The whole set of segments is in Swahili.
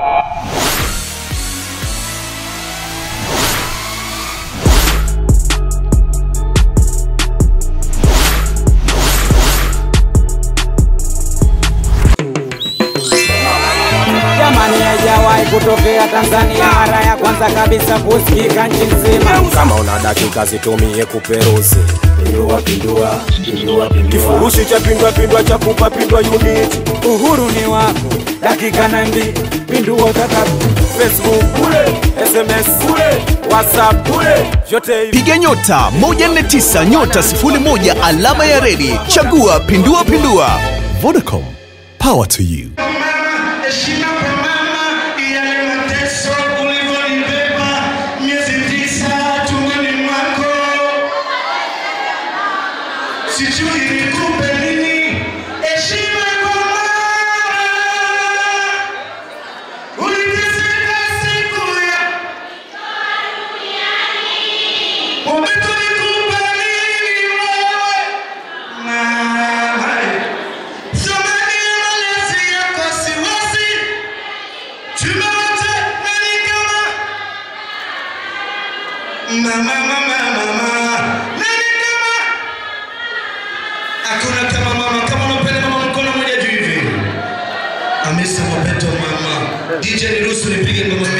you kutokea Tanzania mara ya kwanza kabisa kusikika nchi nzima. Kama una dakika zitumie kuperuzi pindua pindua pindua pindua, kifurushi cha pindua pindua cha kupa pindua unit. Uhuru ni wako, dakika na nambi pindua WhatsApp, Facebook kule, SMS kule, WhatsApp kule, vyote piga nyota 149 nyota 01 alama ya redi, chagua pindua pindua. Vodacom, power to you. sijui Mama, mama, mama. Hakuna kama mama. Kama unampenda mama, mkono mmoja juu hivi. Amisa mapeto mama. DJ niruhusu nipige mama.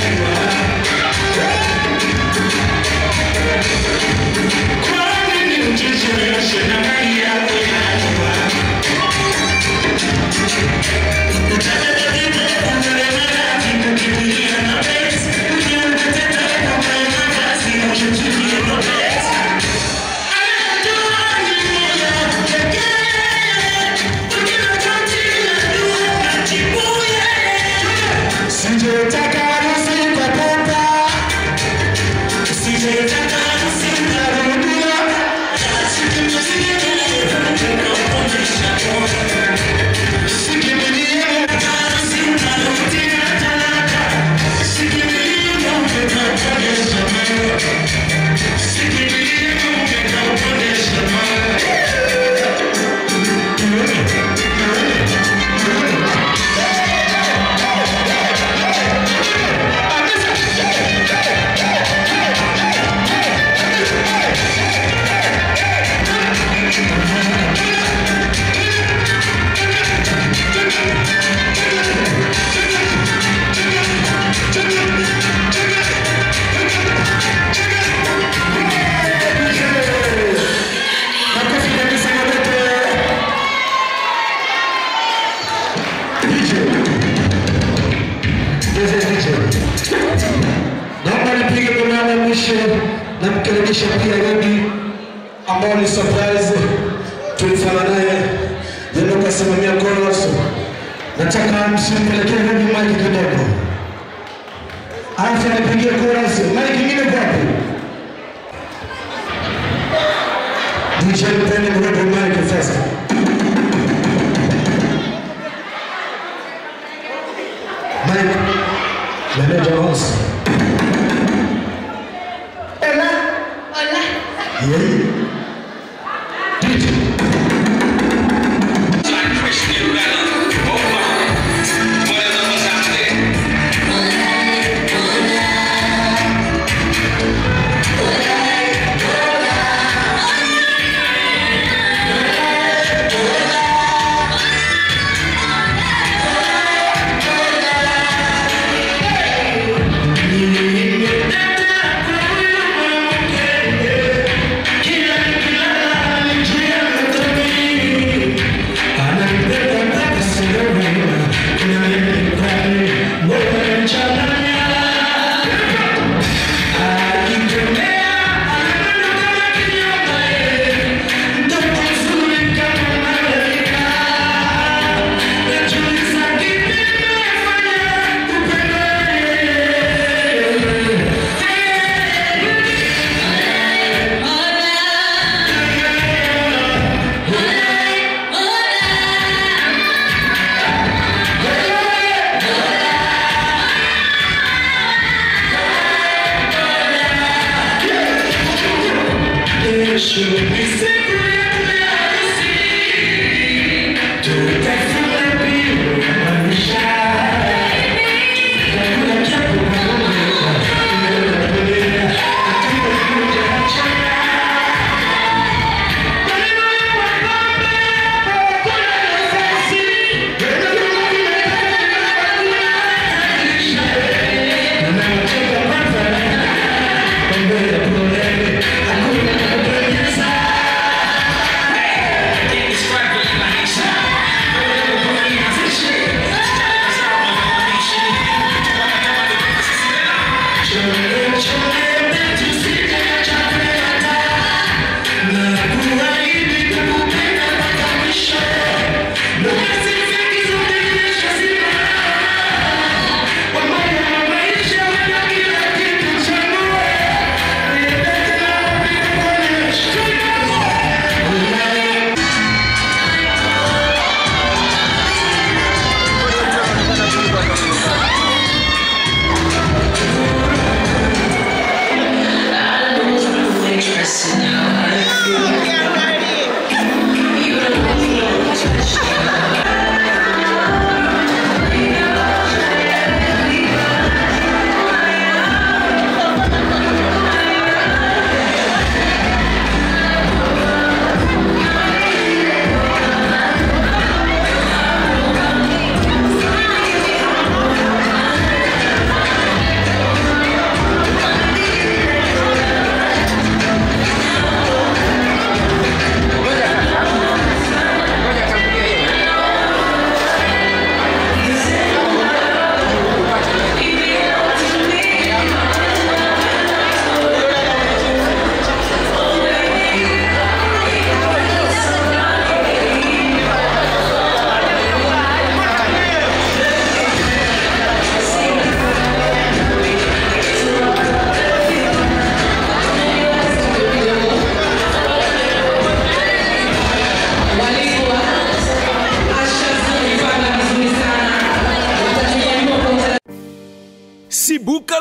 Thank you. ambao ni surprise tulifanya naye ndio kasimamia chorus. Nataka msimpelekee hivi maiki kidogo, alafu nipigie chorus. Maiki ingine kwapi? DJ Penny mrebe maiki first. Mike, manager house. Hola. Hola. Yeah.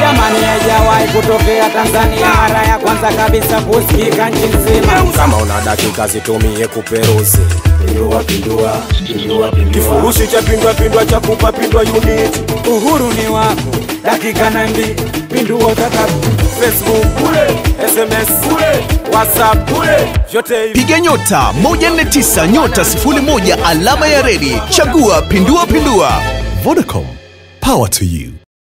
jamani, haijawahi kutokea Tanzania, ah! mara ya kwanza kabisa kusikika nchi nzima. Kama una dakika zitumie kuperuzi Pindua, pindua, pindua, pindua. Kifurushi cha pindua pindua cha kupa pindua unit. Uhuru ni wako, dakika na mbi, pindua WhatsApp, Facebook kule, SMS kule, WhatsApp kule, Piga nyota 149 nyota 1 alama ya redi, chagua pindua pindua. Vodacom, power to you.